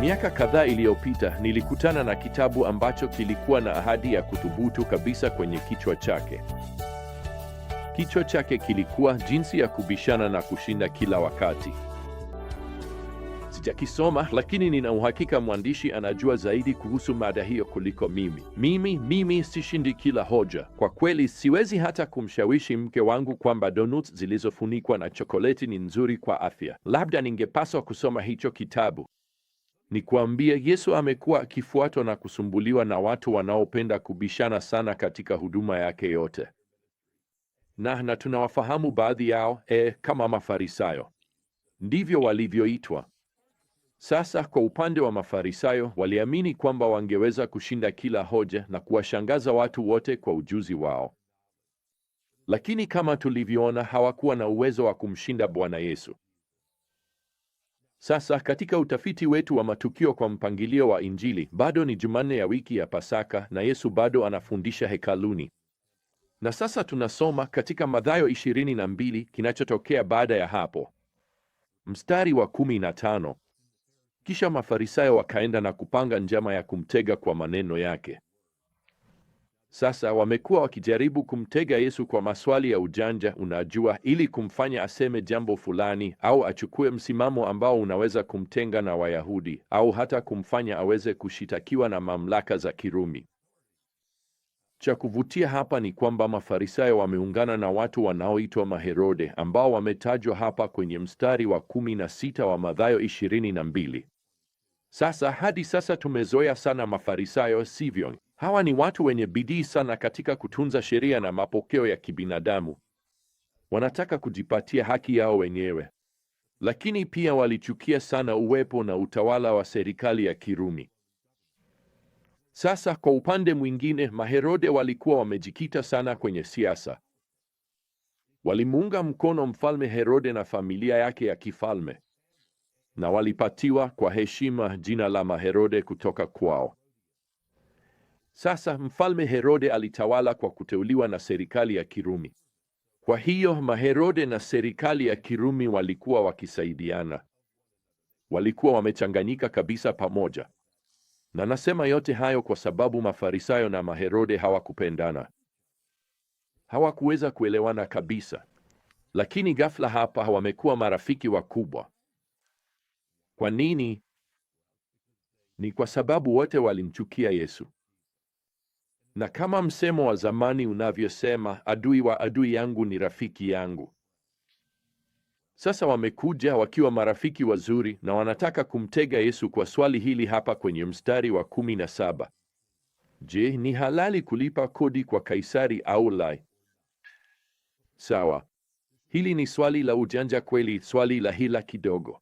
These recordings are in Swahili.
Miaka kadhaa iliyopita nilikutana na kitabu ambacho kilikuwa na ahadi ya kuthubutu kabisa kwenye kichwa chake. Kichwa chake kilikuwa jinsi ya kubishana na kushinda kila wakati. Sijakisoma, lakini nina uhakika mwandishi anajua zaidi kuhusu mada hiyo kuliko mimi. Mimi mimi sishindi kila hoja. Kwa kweli, siwezi hata kumshawishi mke wangu kwamba donuts zilizofunikwa na chokoleti ni nzuri kwa afya. Labda ningepaswa kusoma hicho kitabu. Nikuambie, Yesu amekuwa akifuatwa na kusumbuliwa na watu wanaopenda kubishana sana katika huduma yake yote, na na tunawafahamu baadhi yao e, kama Mafarisayo. Ndivyo walivyoitwa. Sasa kwa upande wa Mafarisayo, waliamini kwamba wangeweza kushinda kila hoja na kuwashangaza watu wote kwa ujuzi wao, lakini kama tulivyoona, hawakuwa na uwezo wa kumshinda Bwana Yesu. Sasa katika utafiti wetu wa matukio kwa mpangilio wa Injili, bado ni Jumanne ya wiki ya Pasaka na Yesu bado anafundisha hekaluni. Na sasa tunasoma katika Mathayo 22 kinachotokea baada ya hapo. Mstari wa 15. Kisha Mafarisayo wakaenda na kupanga njama ya kumtega kwa maneno yake. Sasa wamekuwa wakijaribu kumtega Yesu kwa maswali ya ujanja, unajua, ili kumfanya aseme jambo fulani au achukue msimamo ambao unaweza kumtenga na Wayahudi au hata kumfanya aweze kushitakiwa na mamlaka za Kirumi. Cha kuvutia hapa ni kwamba Mafarisayo wameungana na watu wanaoitwa Maherode ambao wametajwa hapa kwenye mstari wa kumi na sita wa Mathayo ishirini na mbili. Sasa hadi sasa tumezoea sana Mafarisayo, sivyo? Hawa ni watu wenye bidii sana katika kutunza sheria na mapokeo ya kibinadamu. Wanataka kujipatia haki yao wenyewe, lakini pia walichukia sana uwepo na utawala wa serikali ya Kirumi. Sasa kwa upande mwingine, Maherode walikuwa wamejikita sana kwenye siasa. Walimuunga mkono mfalme Herode na familia yake ya kifalme, na walipatiwa kwa heshima jina la Maherode kutoka kwao. Sasa mfalme Herode alitawala kwa kuteuliwa na serikali ya Kirumi. Kwa hiyo maherode na serikali ya Kirumi walikuwa wakisaidiana, walikuwa wamechanganyika kabisa pamoja. Na nasema yote hayo kwa sababu Mafarisayo na Maherode hawakupendana, hawakuweza kuelewana kabisa, lakini ghafla hapa wamekuwa marafiki wakubwa. Kwa nini? Ni kwa sababu wote walimchukia Yesu. Na kama msemo wa zamani unavyosema, adui wa adui yangu ni rafiki yangu. Sasa wamekuja wakiwa marafiki wazuri na wanataka kumtega Yesu kwa swali hili hapa kwenye mstari wa kumi na saba. Je, ni halali kulipa kodi kwa Kaisari au la? Sawa. Hili ni swali la ujanja kweli, swali la hila kidogo.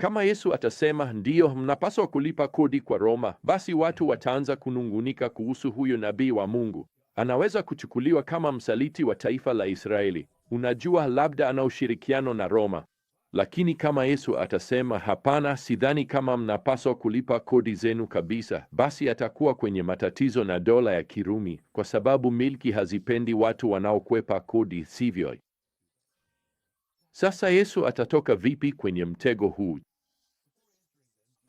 Kama Yesu atasema ndiyo, mnapaswa kulipa kodi kwa Roma, basi watu wataanza kunungunika kuhusu huyo nabii wa Mungu. Anaweza kuchukuliwa kama msaliti wa taifa la Israeli. Unajua, labda ana ushirikiano na Roma. Lakini kama Yesu atasema hapana, sidhani kama mnapaswa kulipa kodi zenu kabisa, basi atakuwa kwenye matatizo na dola ya Kirumi, kwa sababu milki hazipendi watu wanaokwepa kodi, sivyo? Sasa Yesu atatoka vipi kwenye mtego huu?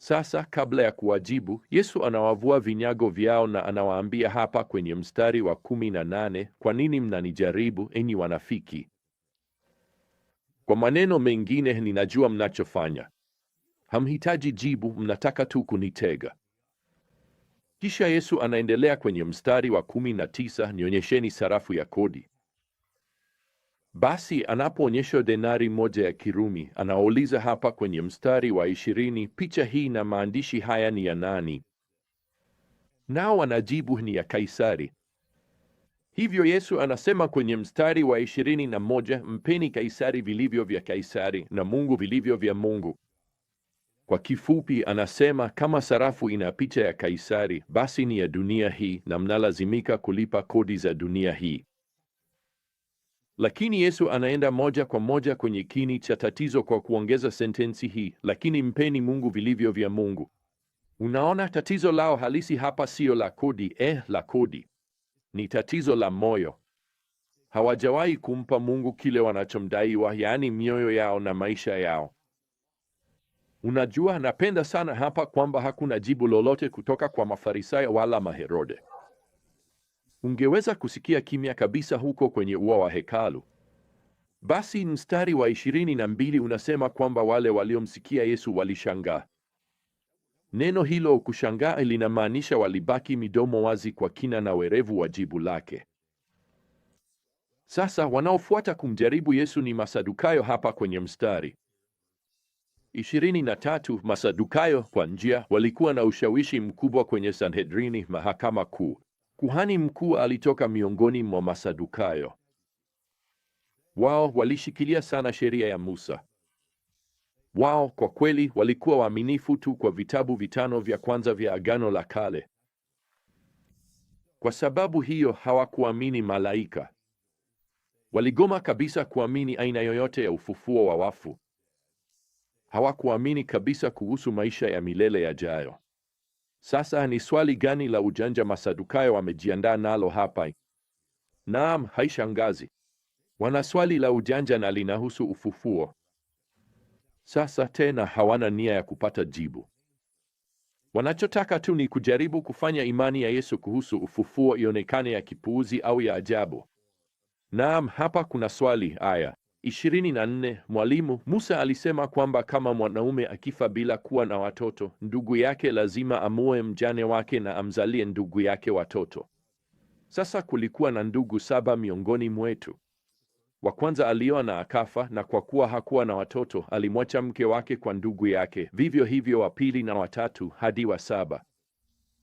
Sasa kabla ya kuwajibu, Yesu anawavua vinyago vyao na anawaambia hapa kwenye mstari wa kumi na nane, kwa nini mnanijaribu enyi wanafiki? Kwa maneno mengine, ninajua mnachofanya. Hamhitaji jibu, mnataka tu kunitega. Kisha Yesu anaendelea kwenye mstari wa kumi na tisa, nionyesheni sarafu ya kodi. Basi anapoonyeshwa denari moja ya Kirumi, anauliza hapa kwenye mstari wa ishirini, picha hii na maandishi haya ni ya nani? Nao anajibu ni ya Kaisari. Hivyo Yesu anasema kwenye mstari wa ishirini na moja, mpeni Kaisari vilivyo vya Kaisari na Mungu vilivyo vya Mungu. Kwa kifupi, anasema kama sarafu ina picha ya Kaisari, basi ni ya dunia hii na mnalazimika kulipa kodi za dunia hii. Lakini Yesu anaenda moja kwa moja kwenye kini cha tatizo kwa kuongeza sentensi hii, lakini mpeni Mungu vilivyo vya Mungu. Unaona, tatizo lao halisi hapa siyo la kodi, eh, la kodi ni tatizo la moyo. Hawajawahi kumpa Mungu kile wanachomdaiwa, yaani mioyo yao na maisha yao. Unajua, napenda sana hapa kwamba hakuna jibu lolote kutoka kwa Mafarisayo wala Maherode. Ungeweza kusikia kimya kabisa huko kwenye ua wa hekalu. Basi mstari wa ishirini na mbili unasema kwamba wale waliomsikia Yesu walishangaa. Neno hilo kushangaa linamaanisha walibaki midomo wazi kwa kina na werevu wa jibu lake. Sasa wanaofuata kumjaribu Yesu ni Masadukayo hapa kwenye mstari ishirini na tatu. Masadukayo kwa njia walikuwa na ushawishi mkubwa kwenye Sanhedrini, mahakama kuu. Kuhani mkuu alitoka miongoni mwa Masadukayo. Wao walishikilia sana sheria ya Musa. Wao kwa kweli walikuwa waaminifu tu kwa vitabu vitano vya kwanza vya Agano la Kale. Kwa sababu hiyo hawakuamini malaika. Waligoma kabisa kuamini aina yoyote ya ufufuo wa wafu. Hawakuamini kabisa kuhusu maisha ya milele yajayo. Sasa ni swali gani la ujanja Masadukayo wamejiandaa nalo hapa? Naam, haishangazi. Wana swali la ujanja na linahusu ufufuo. Sasa tena hawana nia ya kupata jibu. Wanachotaka tu ni kujaribu kufanya imani ya Yesu kuhusu ufufuo ionekane ya kipuuzi au ya ajabu. Naam, hapa kuna swali aya ishirini na nne Mwalimu, Musa alisema kwamba kama mwanaume akifa bila kuwa na watoto, ndugu yake lazima amue mjane wake na amzalie ndugu yake watoto. Sasa kulikuwa na ndugu saba miongoni mwetu. Wa kwanza alioa na akafa, na kwa kuwa hakuwa na watoto alimwacha mke wake kwa ndugu yake. Vivyo hivyo wa pili na watatu hadi wa saba.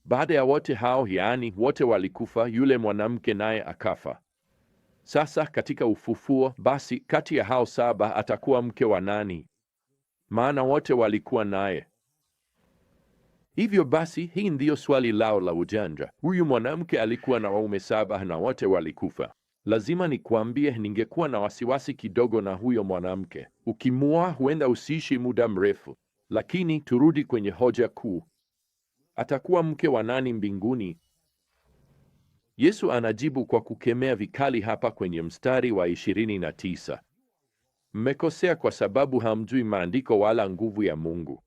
Baada ya wote hao, yaani wote walikufa, yule mwanamke naye akafa. Sasa katika ufufuo, basi kati ya hao saba atakuwa mke wa nani? Maana wote walikuwa naye. Hivyo basi, hii ndiyo swali lao la ujanja. Huyu mwanamke alikuwa na waume saba na wote walikufa. Lazima nikuambie, ningekuwa na wasiwasi kidogo na huyo mwanamke. ukimua huenda usiishi muda mrefu. Lakini turudi kwenye hoja kuu, atakuwa mke wa nani mbinguni? Yesu anajibu kwa kukemea vikali hapa kwenye mstari wa 29: mmekosea kwa sababu hamjui maandiko wala nguvu ya Mungu.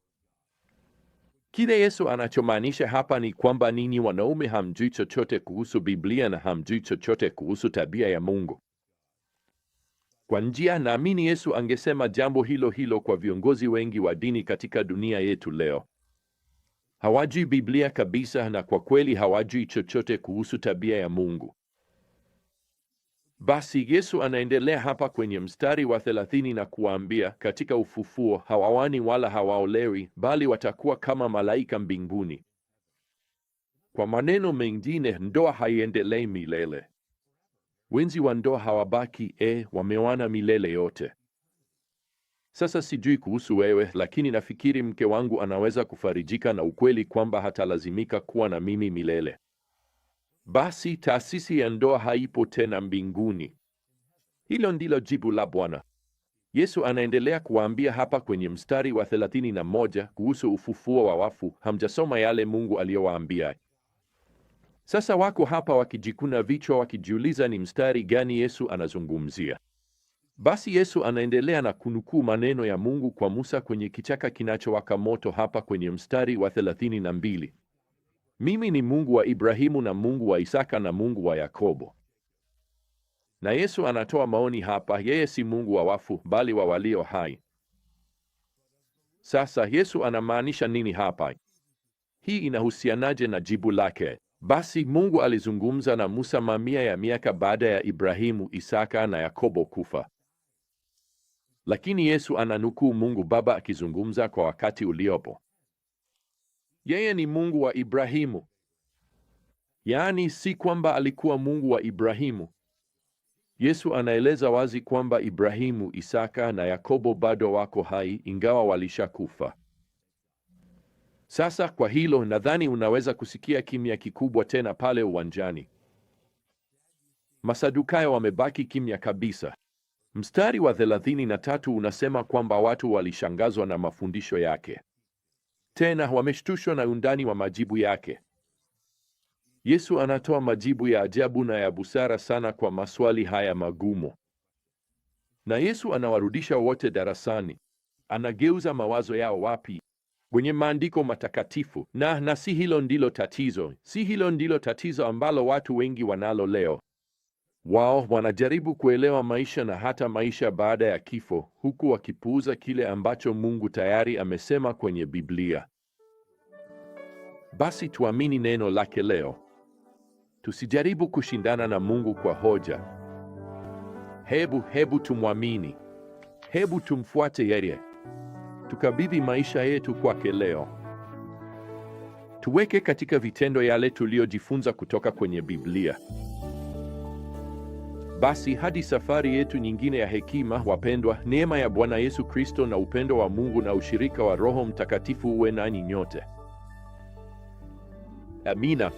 Kile Yesu anachomaanisha hapa ni kwamba ninyi wanaume hamjui chochote kuhusu Biblia na hamjui chochote kuhusu tabia ya Mungu. Kwa njia, naamini Yesu angesema jambo hilo hilo kwa viongozi wengi wa dini katika dunia yetu leo. Hawajui Biblia kabisa na kwa kweli hawajui chochote kuhusu tabia ya Mungu. Basi Yesu anaendelea hapa kwenye mstari wa thelathini na kuwaambia, katika ufufuo hawawani wala hawaolewi, bali watakuwa kama malaika mbinguni. Kwa maneno mengine, ndoa haiendelei milele. Wenzi wa ndoa hawabaki e, wameoana milele yote. Sasa sijui kuhusu wewe, lakini nafikiri mke wangu anaweza kufarijika na ukweli kwamba hatalazimika kuwa na mimi milele. Basi taasisi ya ndoa haipo tena mbinguni. Hilo ndilo jibu la Bwana. Yesu anaendelea kuwaambia hapa kwenye mstari wa 31 kuhusu ufufuo wa wafu. Hamjasoma yale Mungu aliyowaambia? Sasa wako hapa wakijikuna vichwa wakijiuliza ni mstari gani Yesu anazungumzia. Basi Yesu anaendelea na kunukuu maneno ya Mungu kwa Musa kwenye kichaka kinachowaka moto hapa kwenye mstari wa 32. Mimi ni Mungu wa Ibrahimu na Mungu wa Isaka na Mungu wa Yakobo. Na Yesu anatoa maoni hapa, yeye si Mungu wa wafu bali wa walio hai. Sasa Yesu anamaanisha nini hapa? Hii inahusianaje na jibu lake? Basi Mungu alizungumza na Musa mamia ya miaka baada ya Ibrahimu, Isaka na Yakobo kufa. Lakini Yesu ananukuu Mungu Baba akizungumza kwa wakati uliopo. Yeye ni Mungu wa Ibrahimu. Yaani si kwamba alikuwa Mungu wa Ibrahimu. Yesu anaeleza wazi kwamba Ibrahimu, Isaka na Yakobo bado wako hai ingawa walishakufa. Sasa kwa hilo nadhani unaweza kusikia kimya kikubwa tena pale uwanjani. Masadukayo wamebaki kimya kabisa. Mstari wa thelathini na tatu unasema kwamba watu walishangazwa na mafundisho yake, tena wameshtushwa na undani wa majibu yake. Yesu anatoa majibu ya ajabu na ya busara sana kwa maswali haya magumu, na Yesu anawarudisha wote darasani. Anageuza mawazo yao wapi? Kwenye maandiko matakatifu. Na na si hilo ndilo tatizo, si hilo ndilo tatizo ambalo watu wengi wanalo leo wao wanajaribu kuelewa maisha na hata maisha baada ya kifo, huku wakipuuza kile ambacho Mungu tayari amesema kwenye Biblia. Basi tuamini neno lake leo. Tusijaribu kushindana na Mungu kwa hoja. Hebu hebu tumwamini, hebu tumfuate yeye, tukabidhi maisha yetu kwake leo, tuweke katika vitendo yale tuliyojifunza kutoka kwenye Biblia. Basi hadi safari yetu nyingine ya hekima, wapendwa, neema ya Bwana Yesu Kristo na upendo wa Mungu na ushirika wa Roho Mtakatifu uwe nanyi nyote. Amina.